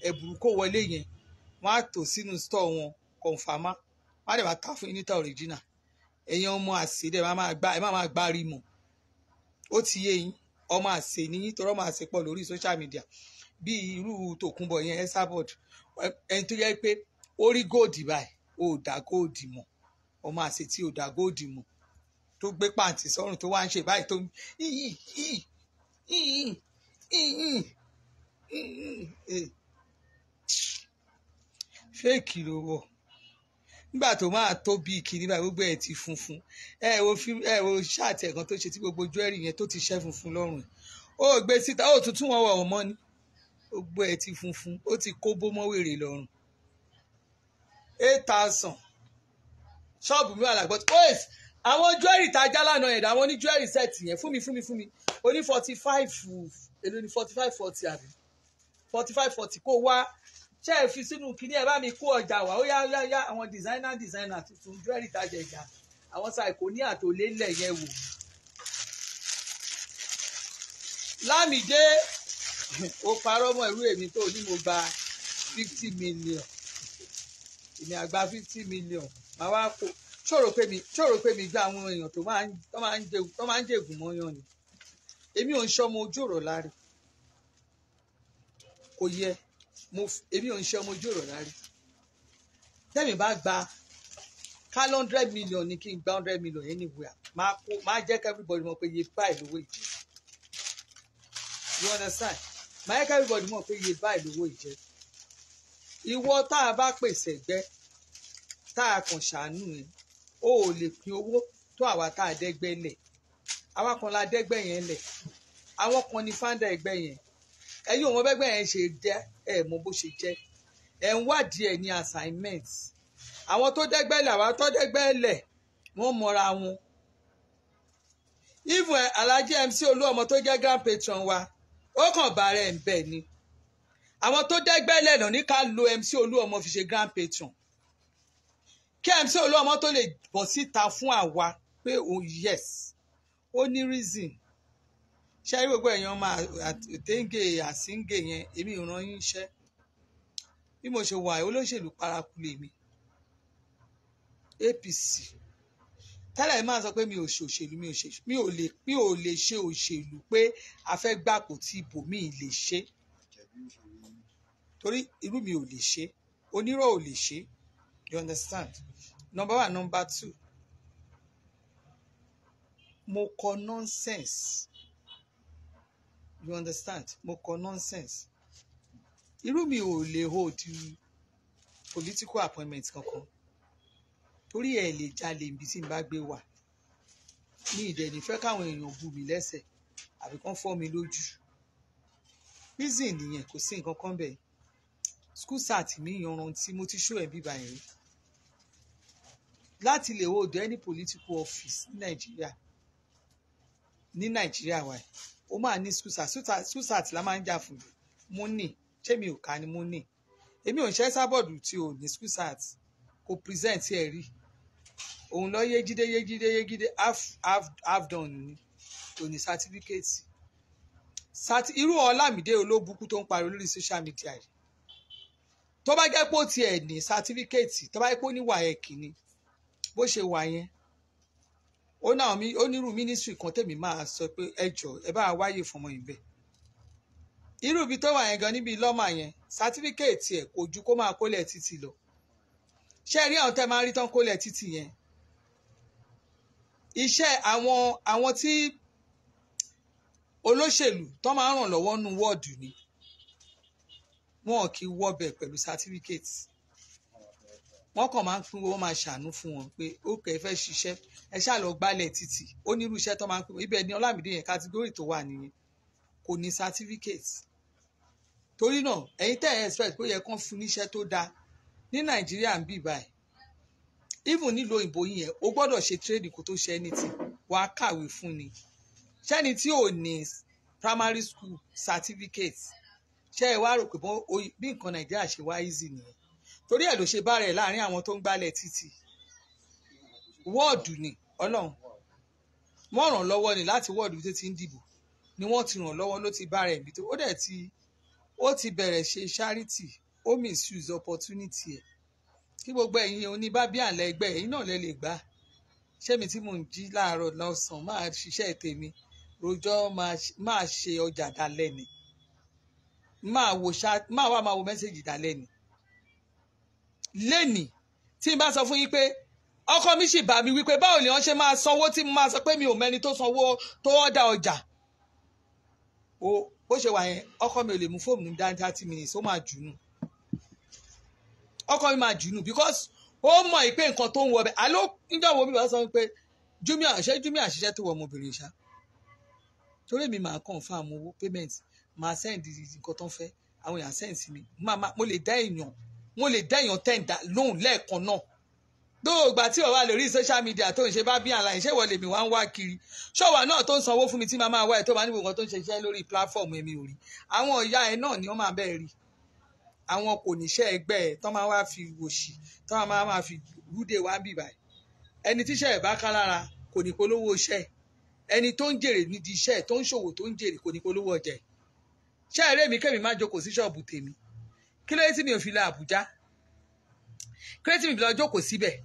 ẹ̀bùrú kó wọlé yẹn wọ́n á tò sínú store wọn kọ̀ǹfàmá wọ́n á dẹ̀ máa ta fún yín níta original ẹ̀yin ọmọ àṣẹ dẹ̀ máa gbá ẹ̀ máa máa gbá rí mọ̀ ó ti yé yín ọmọ àṣẹ níyìn tọrọ máa ṣe pọ̀ lórí social media bí irú tòkunbọ̀ yẹn Esabod ẹni tó yẹ pé ó rí góòdì báyìí ó dá góòdì mọ̀ ọmọ àṣẹ tí ó dá góòdì mọ̀ tó gbé pàǹtì sọ́rùn tó wá ń ṣe báyìí tó ń fẹ́ẹ̀kì ló wọ̀ nígbà tó máa tó bí ìkíní báyìí gbogbo ẹ̀ ti funfun ẹ wo fíìmù ẹ wo ṣáàtì ẹ̀kan tó ṣe tí gbogbo jewelry yẹn tó ti ṣẹ́ funfun lọ́rùn ẹ̀ ó gbé síta ó tuntun wọn wọ̀ ọ́ mọ́ ni gbogbo ẹ̀ ti funfun ó ti kó bómọ́wèrè lọ́rùn eight thousand ṣọ́ọ̀bù mi wà lágbọ́tò wait àwọn jewelry tá a já lánàá yẹn àwọn oní jewelry set yẹn fún mi fún mi fún mi oní forty five èlò ní forty five forty àbí forty five forty kó wá ṣé ẹ fi sínú kinní ẹ bá mi kó ọjà wá ó yá yá yá àwọn designer designer tuntun jewelry tajà ìjà àwọn ṣàìkò ní àtòlélẹ̀ yẹn wò. lámìdé ó parọ́ mọ́ irú èmi tó ní mo gba fifty million èmi àgbà fifty million màá wá kó ṣòro pé mi ṣòro pé mi gba àwọn èèyàn tó máa ń jẹ̀gùn mọ́yàn ni èmi ò ń ṣọmọ ojú ọ̀rọ̀ láre kò yẹ mo èmi ò ń ṣe ọmọ ojú ọ̀rọ̀ rárí tẹ́mi bá gba ká hundred million ni kí n gba hundred million anywhere máa kó máa jẹ́ kí everybody mọ̀ pé iye báyìí lówó ìjẹ́ you understand máa jẹ́ kí everybody mọ̀ pé iye báyìí lówó ìjẹ́ ìwọ tá a bá pèsè ẹgbẹ́ tá a kàn ṣàánú yẹn o ò lè pín owó tó àwa tá a dẹ́gbẹ́ lẹ̀ àwa kan la dẹ́gbẹ́ yẹn lẹ̀ àwọn kan ni fáńdà ẹgbẹ́ yẹn ẹ̀yin òun bẹ́gbẹ́ yẹn ṣe jẹ́ ẹ̀ mọ bó ṣe jẹ́ ẹ̀ ń wádìí ẹ̀ ní assignment àwọn tó dẹ́gbẹ́lẹ̀ àwọn tó dẹ́gbẹ́lẹ̀ wọ́n mọra wọn even eh, alhaji mc olúọmọ tó jẹ́ grand patron wa ó kàn bàárẹ̀ ẹ̀ ń bẹ̀ ni àwọn tó dẹ́gbẹ́lẹ̀ náà ní ká lo mc olúọmọ fi ṣe grand patron kí mc olúọmọ tó lè bọ̀ síta fún àwa pé oh yes ó ní reason ṣáà rí gbogbo èèyàn máa àtẹ̀ǹgè àsíǹgè yẹn èmi ò rán yín iṣẹ́ bí mo ṣe wà olóṣèlú paraku lèmi APC tẹ́lẹ̀ máa sọ pé mi ò ṣe òṣèlú mi ò ṣe mi ò lè mi ò lè ṣe òṣèlú pé a fẹ́ gbàpò tí ibò mi lè ṣe torí irú mi ò lè ṣe onírọ̀ ò lè ṣe you understand number one number two mo kọ nonsense you understand mo kọ nonsense irú mi ò lè hold political appointment kankan torí ẹ lè jalè ibi tí n bá gbé wà ní ìdẹ̀ni fẹ́ káwọn èèyàn bù mí lẹ́sẹ̀ àbí kán fọ́ mi lójú reason nìyẹn kò sí nǹkan kan bẹ́ẹ̀ school sat mi yanrantí mo ti ṣó ẹ̀ bíbá yẹn láti lè hold any political office ní Nàìjíríà ní Nàìjíríà wáyé ó máa ní susat susat la máa ń jà fún mú nì ṣé mi ò ká ni mú nì èmi ò ń ṣe sábọ̀dù tí ò ní susat kò present ẹ̀ rí òun lọ yégídé yégídé yégídé half half half done ni kò ní sátífíkẹ́ẹ̀tì sati irú ọlámìdé olóbùkú tó ń pariwo lórí social media yìí tó bá jẹ́ pé ó tiẹ̀ ní sátífíkẹ́ẹ̀tì tó bá jẹ́ pé ó ní wàhẹ́kì ni bó ṣe wà yẹn ó náà mi ó nírú mínísírì kan tèmi máa sọ pé ẹ jọ ẹ bá wáyè fọmọ yìí bẹ́ẹ̀ irú ibi tó wà yẹn gan níbi lọ́mà yẹn sátífíkèètì ẹ̀ kò ju kó máa kólẹ̀ títì lọ ṣé ẹ rí àwọn tẹ́ máa rí tán kólẹ̀ títì yẹn iṣẹ́ àwọn àwọn tí olóṣèlú tán máa ràn lọ́wọ́ nu wọ́ọ̀dù ni wọn kì í wọ́ọ̀bẹ̀ pẹ̀lú sátífíkèètì wọ́n kàn máa ń fún wọn máa ṣàánú fún wọn pé ó kẹ́ ẹ ẹ ṣáà lọ gbálẹ̀ títì ó ní irú iṣẹ́ tó máa ń pè wọ́n ibẹ̀ ni Ọlámídé yẹn kátígórì tó wà nìyẹn kò ní certificate torí náà ẹ̀yin tẹ́ ẹ̀ expect pé ó yẹ kán fún níṣẹ́ tó dáa ní Nàìjíríà ń bì báyìí even nílò òyìnbó yẹn o gbọ́dọ̀ ṣe training kó tó ṣe anything wàá kàwé fún ni ṣẹ́ni tí ò ní primary school certificate ṣe é wá rò pé bí nǹkan Nàìjíríà ṣe wá easy nìyẹn torí ẹ̀ ló ṣe bá rẹ̀ láàrin àwọn tó ń gbálẹ̀ títì wọ́ọ̀dù ni ọlọ́run wọ́n ràn lọ́wọ́ ni láti wọ́ọ̀dù tó ti ń dìbò ni wọ́n ti ràn lọ́wọ́ ló ti bá rẹ̀ níbi tó ó dẹ̀ ti ó ti bẹ̀rẹ̀ ṣe charity ó misuse opportunity ẹ̀ kí gbogbo ẹ̀yin oníbàbíàlẹ̀ ẹgbẹ́ ẹ̀yin náà lẹ lè gbà ṣẹ́mi tí mò ń jí láàárọ̀ lọ́sàn-án máa ṣiṣẹ́ tèmi rojọ́ máa ṣe ọjà dalẹ́ ni máa wá máa wo mẹ́sẹ̀gì dalẹ́ ni lẹ́nì tí n bá sọ fún yín pé ọkọ mi sì bá mi wípé báwo ni wọ́n ṣe máa sanwó tí mo máa sọ pé mi ò mẹ́ni tó sanwó tó ọ̀dà ọjà o bó ṣe wà yẹn ọkọ mi ò lè mú fóònù mi dáadáa thirty minutes ó máa jùnú ọkọ mi máa jùnú because ó mọ̀ pé nǹkan tó ń wọ bẹ́ẹ̀ àló níjọ́ wo bí wàá sọ pé jumia ṣé jumia ṣiṣẹ́ tó wọ ọmọbìnrin ṣá torí mi máa kàn fún àwọn owó payment máa send nǹkan tó ń fẹ́ àwọn èèyàn send sí mi mo lè dá èèyàn mo lè dẹ́yàn tẹ̀ǹdà lóhùn lẹ́ẹ̀kan náà dóògbà tí o wà lórí social media tó ń ṣe bá bí àlàyé ṣé ìwọlé mi wá ń wá kiri ṣọ́wà náà tó ń sanwó fún mi tí màá máa wá ẹ̀ tó bá ní gbogbo tó ń ṣiṣẹ́ lórí platform èmi ò rí àwọn ìyá ẹ̀ náà ni wọ́n máa bẹ́ẹ̀ rí àwọn kò níṣẹ́ ẹgbẹ́ ẹ̀ tó máa wá fi wòṣì tó máa máa fi rúdè wá bì báyìí ẹni tíṣẹ́ ẹ̀ bá ká lára kò ní polówó iṣẹ́ ẹni tó ń jèrè nídìí iṣẹ́ tó ń ṣòwò tó ń jèrè kò ní polówó ọjà ṣẹ́ ẹ̀rẹ́ mi kẹ́mi má jókòó sí ṣọ́ọ̀bù tèmi kí ló dé tí mi ò fi lọ Àbújá kí ló dé tí mi ò fi lọ jókòó síbẹ̀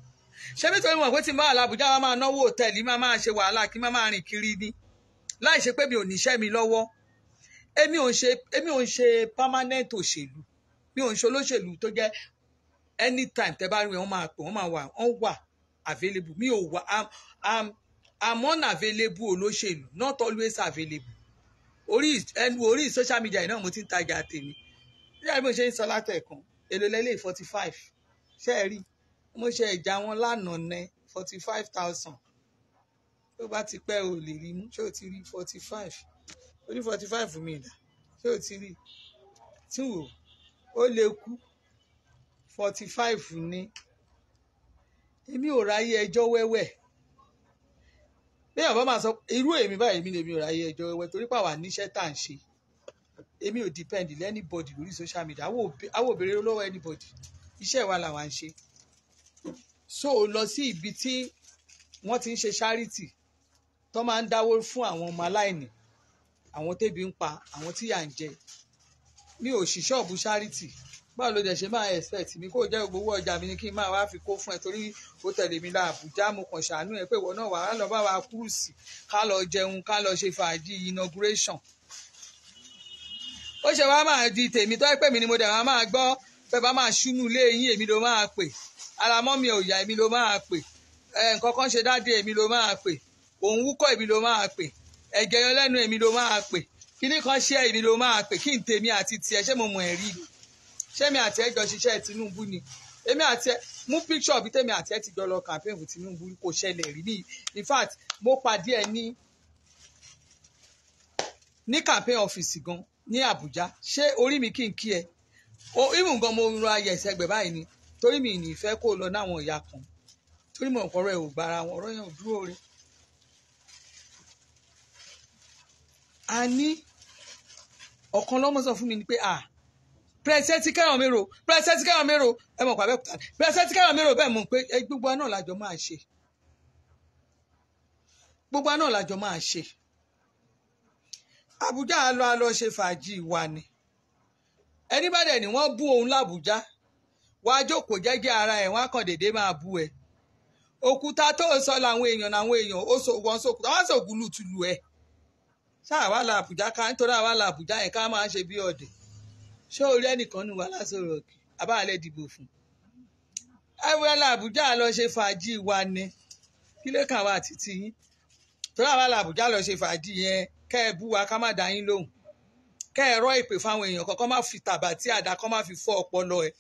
ṣé nítorí wọn pé tí n bá wà lábújá wa máa náwó òtẹ́ẹ̀lì máa máa ṣe wàhálà kí n máa máa rìn kiri ni láì ṣe pé mi ò níṣẹ́ mi lọ́wọ́ èmi ò ń ṣe èmi òṣèlú mi ò ń ṣe olóṣèlú tó jẹ́ anytime tẹ́ bá rí wọn máa pè wọ́n máa wà wọ́n wà available mi ò wà am am unavailable olóṣèlú not always available orí orí social media náà mo ti ń tajà tèmi nígbà tí mo ṣe ń sọ látẹ̀kùn èlò lẹ́lẹ́ forty five ṣe é rí mo ṣe ìjà wọn lánàá nẹ forty five thousand tó bá ti pẹ́ o lè rí mú ṣé o ti rí forty five o ní forty five mi dà ṣé o ti rí tí wò ó lè kú forty five ni èmi ò ráyè ẹjọ́ wẹ́wẹ́ bí àbá máa sọ irú èmi báyìí èmi lèmi ò ráyè ẹjọ́ wẹ́wẹ́ torí pàwọ́ àníṣẹ́ tá ń ṣe èmi ò depend lé anybody lórí social media àwọn òbèrè lọ́wọ́ anybody iṣẹ́ wa làwọn ń ṣe so lọ sí ibi tí wọ́n ti ń ṣe charity tó máa ń dáwó fún àwọn ọmọ aláìní àwọn tébi ń pa àwọn tíyà ń jẹ mi ò ṣí ṣọ́ọ̀bù charity báwo ló dẹ̀ ṣe máa expect mi kó jẹ́ gbogbo ọjà mi ni kí n máa wá fi kó fún ẹ torí ó tẹ̀lé mi lọ Àbújá mo kàn ṣàánú ẹ pé ìwọ náà wàá lọ bá wa kúrùsì ká lọ jẹun ká lọ ṣe fàájì inauguration ó ṣe wá máa di tèmi tó ẹ pè mí ni mo dẹ̀ wá máa gbọ́ pé bá máa ṣúnú ilé yín èmi ló máa pè alamọ́ mi ò yá èmi ló máa pè nǹkan kan ṣe dáadé èmi ló máa pè òun wúkọ́ èmi ló máa pè ẹ̀gẹ̀yọ lẹ́nu èmi ló máa pè kíní kan ṣe èmi ló máa pè kí n tèmi àti tiẹ̀ ṣé mo mọ̀ ẹ̀ rí ni ṣé mi àti ẹ̀ jọ ṣiṣẹ́ Tinubu ni èmi àti ẹ mú píkṣọ bíi tèmi àti ẹ ti jọ lọ campaign fún Tinubu kò ṣẹlẹ̀ rí ni in fact mo pàdé ẹ ní ní campaign ọ́fíìsì gan ní Àbújá ṣé orí mi kì í kí ẹ o ìmù gan mo ra ayẹ ìṣẹ́gbẹ̀ báyìí ni torí mi ní ìfẹ́ kó lọ náwọn ìyá kan torí mo kọ́ ọ̀rọ̀ ẹ̀ ò gbára wọn ọ̀rọ̀ yẹn ò dúró rẹ̀. a ní ọ̀kan lọ́mọ sọ fún mi ni pé à pírẹsẹ́tì kẹ́rọ̀ mi rò pírẹsẹ́tì kẹ́rọ̀ mi rò ẹ mọ̀ pàbẹ́ kùtà pírẹsẹ́tì kẹ́rọ̀ mi rò bẹ́ẹ̀ mọ̀ pé gbogbo náà làjọ máa ṣe gbogbo náà làjọ máa ṣe. Àbújá àlọ́ àlọ́ ṣe fàájì wa ni ẹni bá dẹ̀ ni wọ́n bú òun làbújá wàá jókòó jẹ́jẹ́ ara ẹ̀ wọ́n kàn déédéé máa bú ẹ òkúta tó ń sọ làwọn èèyàn làwọn èèyàn ó so wọn sókúta wọn sògùn lùtùlù ẹ ṣáà wà là Àbújá ká nítorí àwa là Àbújá yẹn ká máa ṣe bí ọ̀dẹ̀ ṣé orí ẹnìkan nù wá lásòrò òkè àbáàlẹ dìbò fún ẹwẹ là Àbújá lọ ṣe fàájì wa ni kí ló kàn títí yín kẹ́ ẹ bú wa ká má dá yín lóhùn kẹ́ ẹ rọ́ ìpè fáwọn èèyàn kọ́kọ́ má fi tàbà tí àdá kọ́ má fi fọ́ ọpọlọ ẹ̀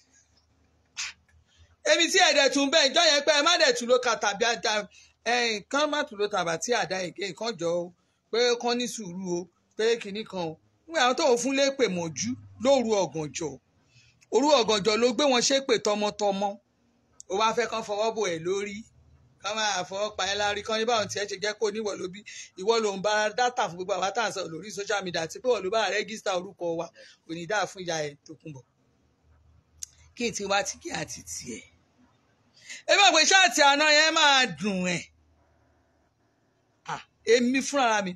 èmi tí ẹ̀dẹ̀ tún bẹ́ẹ̀ jọ yẹn pé ẹ má dẹ̀ tún ló ka tàbí àdá nǹkan má tún ló tàbà tí àdá èké nǹkan jọ o pé kán ní sùúrù o pé kinní kan o nígbà àwọn tó ń fún lépè mọ́jú lóru ọ̀gànjọ́ òru ọ̀gànjọ́ ló gbé wọn ṣépè tọmọtọmọ ó wá fẹ́ kán fọwọ́ bò ẹ̀ lórí ká máa àfọwọ́pa ẹ lárí kan ní báwọn tiẹ̀ ṣe jẹ́ kó níwọ̀ ló bí ìwọ ló ń bá dátà fún gbogbo àwọn àtàǹsọ̀ lórí social media àti pé wọ́n ló bá rẹ́gísítà orúkọ wa kò ní dáa fún ìyá ẹ̀ tó kún bọ̀ kí n ti wá tí kí á ti tiẹ̀ ẹ bá pé ṣáàtì àná yẹn máa dùn ẹ̀ èmi fúnra mi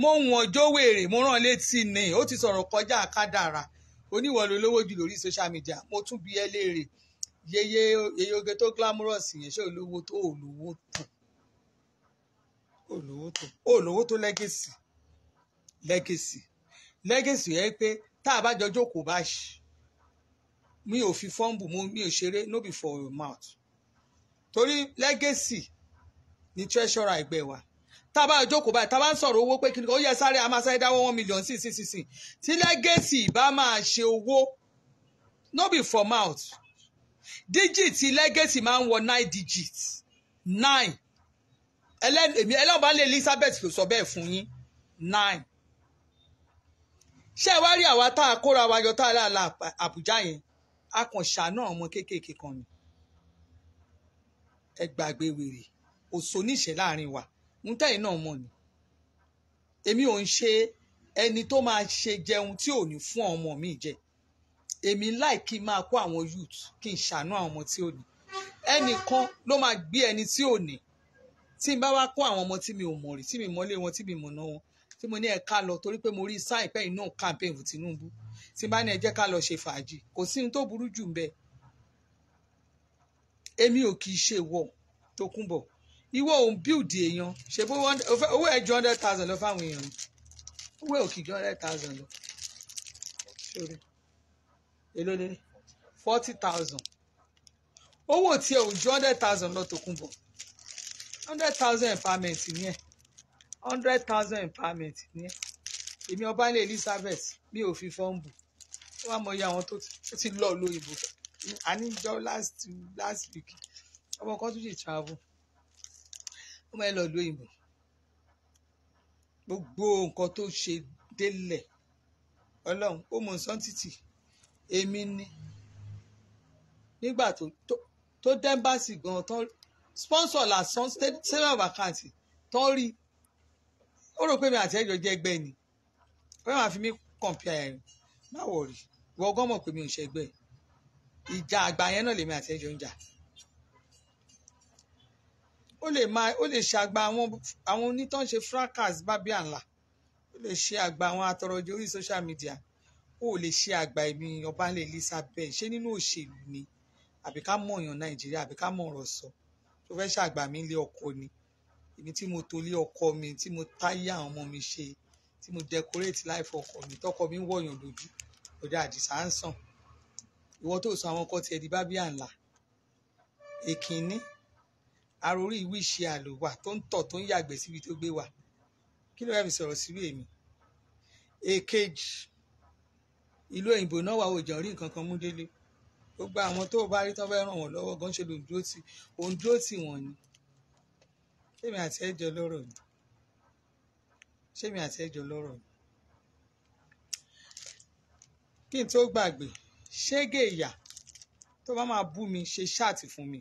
mo wọ̀n jówèrè mo rán létí ni ó ti sọ̀rọ̀ kọjá àkádàrà oníwọ̀ lólówó jù lórí social media mo tún bi ẹ́ léèrè yeye yeye oge tó glamorous yẹn ṣé olówó tó olówó tó olówó tó olówó tó legacy legacy legacy yẹ pé tá a bá jọ jókòó báyìí mi ò fi fọ́ǹbù mu mi ò ṣeré no be for your mouth torí legacy ni treasurer ẹgbẹ́ wa tá a bá jókòó báyìí tá a bá ń sọ̀rọ̀ owó pé kí ni ó yẹ sáré a dáwọ́ one million sí sí sí sí tí legacy bá máa ṣe owó no be for mouth díjìtì legacy máa ń wọ nine digits nine ẹlẹ́mi ẹlọ́balẹ̀ Elizabeth ló sọ bẹ́ẹ̀ fún yín nine ṣé ẹ wá rí àwa tá a kóra wa yọ tá a láàlà Àbújá yẹn a kàn ṣàánú ọmọ kéékèèké kan ni ẹ gbàgbé wèrè òṣò níṣẹ́ láàrin wa ń tẹ̀yìn náà mọ̀ ni èmi ò ń ṣe ẹni tó máa ṣe jẹun tí ò ní fún ọmọ mi jẹ èmi láì kí n máa kó àwọn youth kí n ṣàánú àwọn ọmọ tí ò ní ẹnìkan ló máa gbé ẹni tí ò ní tí n bá wá kó àwọn ọmọ tí mi ò mọ̀ rí tí mi mọ́lé wọn tí mi mọ̀nà wọn tí mo ní ẹ ká lọ torí pé mo rí sáà ìpẹ́ inú campaign fún Tinubu tí n bá ní ẹ jẹ́ ká lọ ṣe fàájì kò sí ohun tó burú jù ń bẹ èmi ò kì í ṣe wọ tó kún bọ̀ ìwọ òun bíùdì èèyàn ṣe bó owó ẹ ju hundred thousand lọ fáwọn èèyàn owó ẹ ò kì í ju hundred thousand lọ èló lè forty thousand owó tí ẹ ò ju hundred thousand lọ Tòkunbọ̀ hundred thousand empowerment ni ẹ hundred thousand empowerment ni ẹ èmi ọba ilé Elizabeth mi ò fi fọ́ǹbù ó wà mọ iye àwọn tó ti lọ lóyìnbó àníjọ last last week ọmọ kan tún sì travel ó máa ń lọ lóyìnbó gbogbo nǹkan tó ṣe délẹ̀ ọlọ́run ó mọ̀ sọ́ńtìtì èmi ni nígbà tó tó dẹ́mbàsì gan-an tán sponsor lásán seven vacancy tán rí ó rò pé mi àti ẹ̀jọ̀ jẹ́ ẹgbẹ́ ni wọ́n máa fi mí kọ̀ǹpìà ẹ̀rìn má wọ̀rì ìwọ ọgọ́ mọ̀ pé mi ò ṣẹgbẹ́ ìjà àgbà yẹn náà lèmi àti ẹ̀jọ̀ ń jà ó lè máa ó lè ṣe àgbà àwọn àwọn onítàn ṣe fracas bábíà ńlá ó lè ṣe àgbà àwọn atọrọjọ orí social media o ò lè ṣe àgbà ẹ̀mí ọbalẹ̀ Elizabeth ṣé nínú òṣèlú ni àbí ká mọ̀ èèyàn Nàìjíríà àbí ká mọ̀ ọ̀rọ̀ sọ tó fẹ́ ṣàgbà mí lé ọkọ ni èmi tí mo tolé ọkọ mi tí mo táyà àwọn ọmọ mi ṣe tí mo decorate life ọkọ mi tọkọ mi ń wọ̀yàn lójú ọ̀dà àdìsá ń sàn ìwọ tó sọ àwọn ọkọ tiẹ̀ di bábíà ńlá èkínní arorí ìwé ìṣe àlòwà tó ń tọ̀ tó ń yàgbẹ́ síbi tó gbé wà kí ló yẹ mi sọ̀rọ̀ sílùú èmi èkejì ìlú òyìnbó náà wà òjò rí nǹkan kan mú délé gbogbo àwọn tó bá rí tán fẹ́ ràn wọ́n lọ́wọ́ gan ṣe lòun dúró tì òun dúró tì wọ́n ni ṣémi àti ẹ̀jọ̀ lọ́rọ̀ ni ṣémi àti ẹ̀jọ̀ lọ́rọ̀ ni kí n tó gbàgbé ṣégè ìyà tó bá máa bú mi ṣe ṣáàtì fún mi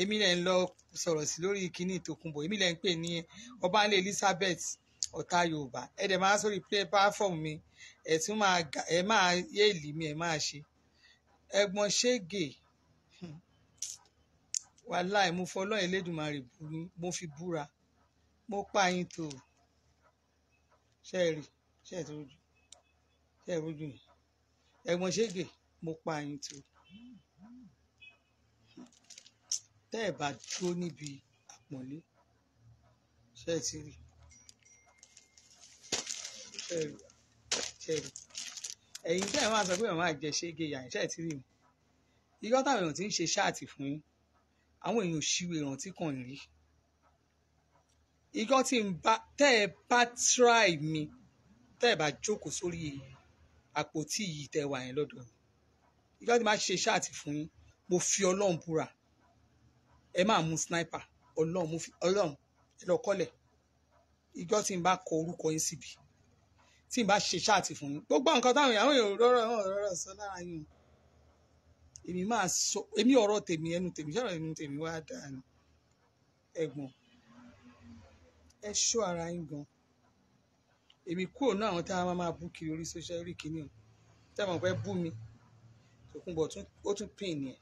èmi lẹ̀ ń lọ sọ̀rọ̀ sí lórí kinní ìtòkùnbọ̀ èmi lẹ̀ ń pè ní ọbańlé Elizabeth ọ̀tá Yorùbá ẹ̀dẹ̀ máa sórí play platform mi ẹ tún máa ga ẹ máa yé ìlì mi ẹ máa ṣe ẹ̀gbọ́n ṣége hmm. wàláì mo fọlọ́run Elédùmarè bú yín mo fi búra mo pa yín tó ṣe rí ṣe tó rújú ṣe rújú yìí ẹ̀gbọ́n ṣége mo pa yín tó tẹ́ ẹ̀ bá dúró níbi àpọ́nlé ṣe ti rí ṣe rí ṣe rí ẹ̀yin tẹ́ ẹ̀ máa sọ pé màmá àjẹ ṣe gé yàrá iṣẹ́ ti rí mi irọ́ táwọn èèyàn ti ń ṣe ṣáàtì fún yín àwọn èèyàn òṣìwé ìrántí kan rí irọ́ tí ń bá tẹ́ ẹ bá try mi tẹ́ ẹ bá jókòó sórí àpótí yìí tẹ́ ẹ wà yẹn lọ́dọ̀ mi irọ́ tí máa ṣe ṣáàtì fún yín mo fi ọlọ́run búra ẹ máa mú sniper ọlọ́run ẹ lọ kọ́lẹ̀ irọ́ tí ń bá kọ orúkọ yín síbi tí n bá ṣe ṣáàtì fún yín gbogbo nǹkan táwọn èèyàn yóò rọrọ rọrọ sọ lára yín èmi máa sọ èmi ọ̀rọ̀ tèmi ẹnu tèmi sọ̀rọ̀ ẹnu tèmi wá dáa ni ẹ̀gbọ́n ẹ ṣọ́ ara yín gan èmi kúrò náà àwọn tí wọn máa bú kiri orí social media kìíní o tí wọn fẹ́ bú mi Tòkunbọ̀ ó tún pín ní ẹ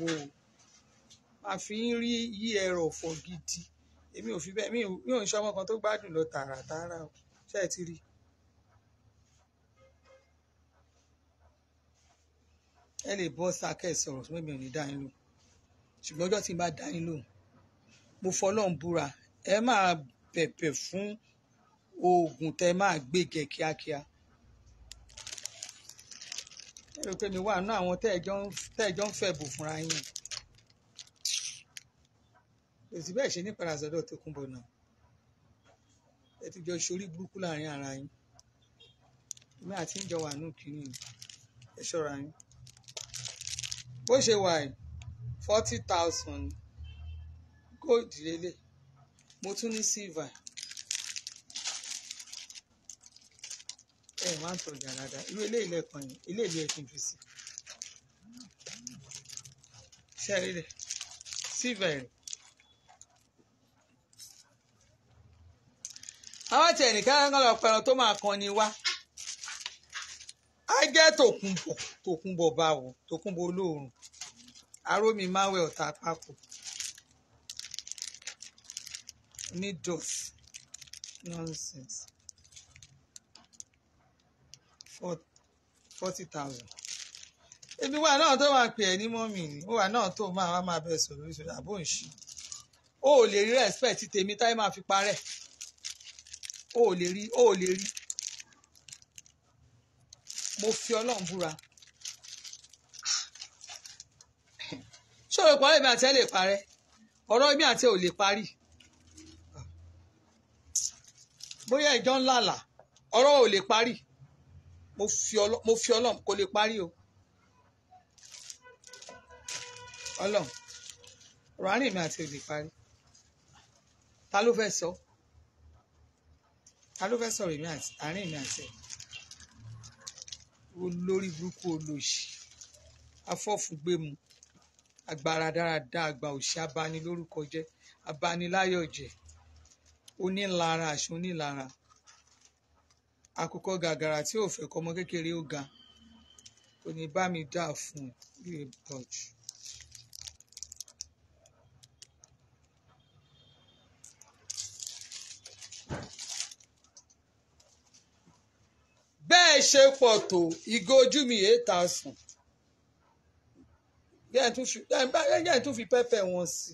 wò máa fi ń rí yí ẹrọ ọ̀fọ̀ gidi èmi ò fi bẹ́ẹ̀ mi ò ń ṣọmọ kan tó gbádùn lọ tààràtààrà o ṣe ti rí ẹ lè bọ́ sákẹ́ sọ̀rọ̀ tí mi ò ní dá yín lò ṣùgbọ́n ọjọ́ tí n bá dá yín lò mo fọlọ́n búra ẹ máa bẹ̀bẹ̀ fún oògùn tẹ máa gbé jẹ kíákíá ẹ rò pé mi wà nú àwọn tẹ́ẹ̀jọ́ ń fẹ̀bù fúnra yín èsì bẹ́ẹ̀ ṣe nípa àzọ́dọ̀ tó kún bọ̀ náà ẹ ti jọ ṣorí burúkú láàrin ara yín èmi àti ń jọ wà nù kínní ẹ ṣọ́ra yín bó ṣe wà yìí forty thousand gold lélẹ̀ mo tún ní silver ẹ máa ń tọjà dáadáa irú ilé ìlẹ̀kùn yìí ilé ìlú ẹ̀kún fi sí ṣẹ́rí rẹ̀ silver rẹ̀. àwọn tiẹ̀ nìkan kan lọ pẹran tó máa kan ni wá á jẹ́ tòkunbọ̀ tòkunbọ̀ báwo tòkunbọ̀ olóòrùn arómi máwẹ̀ ọ̀tá àpapọ̀ ní dos nonsense forty thousand ebi wa náà tó máa pè ẹ́ ní mọ́mì ni wa náà tó máa wá máa bẹ̀ sọ̀rọ̀ ìṣòro àbóǹṣì o ò lè rí respect tèmi táyé máa fi parẹ́ o ò lè rí o ò lè rí mo fi ọlọ́run búra ṣé o rò pé èmi àti ẹ lè parẹ́ ọ̀rọ̀ èmi àti ẹ ò lè parí bóyá ìjọ ńlá là ọ̀rọ̀ ò lè parí mo fi ọlọ́run kò lè parí o ọlọ́run ọ̀rọ̀ àárín èmi àti ẹ ò lè parí ta ló fẹ́ sọ. So? ta ló fẹ́ sọ̀rọ̀ èmi àti àárín èmi àti ẹ̀ olórí burúkú olóṣì afọ́fúgbẹ́mu agbára dáradá àgbà òṣì abanilórúkọ jẹ́ abaniláyọ̀jẹ̀ onílara àṣọ onílara àkùkọ gàgàrà tí ò fẹ́ kọ́mọ kékeré ó ga kò ní bá mi dà fún un bí a bọ̀jù. ṣe pọ̀ tó ìgò ojú mi eight thousand bẹ́ẹ̀ tún fi pẹ́pẹ́ wọn sí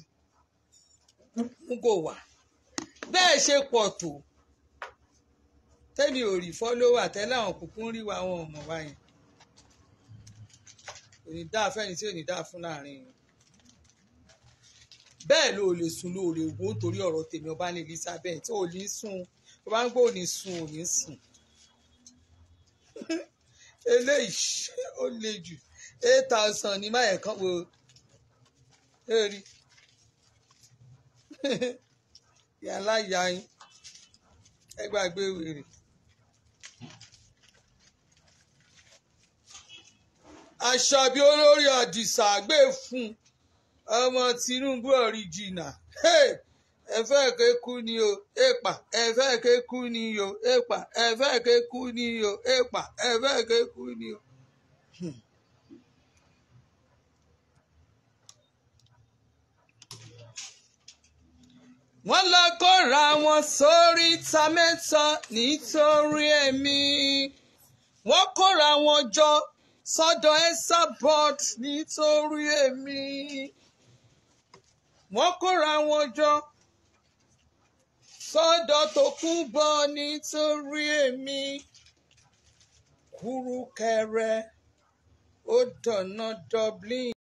mú kó wà bẹ́ẹ̀ ṣe pọ̀ tó tẹ́mi ò rí fọ́lọ́wà tẹ́lẹ̀ àwọn kúkún rí wa àwọn ọmọ wa yẹn ò fẹ́ni tí ò fún láàrin yẹn bẹ́ẹ̀ ló lè sùn ló lè wò torí ọ̀rọ̀ tèmi ọba ní Elizabeth ò ní sùn ọba ń gbọ́ ò ní sùn ò ní sùn eléyìí ó le jù eight thousand ní máyẹ̀ kan wo eri yàrá ìyá yín ẹ gbàgbé wèrè. àṣàbí olórí àdìsá gbé fún ọmọ Tinubu ọ̀ríjìnà. Hey! ẹfẹ́ ke kú ni o èpà ẹfẹ́ ke kú ni o èpà ẹfẹ́ ke kú ni o èpà ẹfẹ́ ke kú ni o. wọ́n lọ kóra wọn sórí ta mẹ́ta nítorí ẹ̀mí wọ́n kóra wọn jọ sọ́dọ̀ ẹ́sà bọ́d nítorí ẹ̀mí wọ́n kóra wọn jọ sọ́dọ̀ tó kú bọ́ nítorí èmi kúrú kẹrẹ ó dọ̀nà Dublin.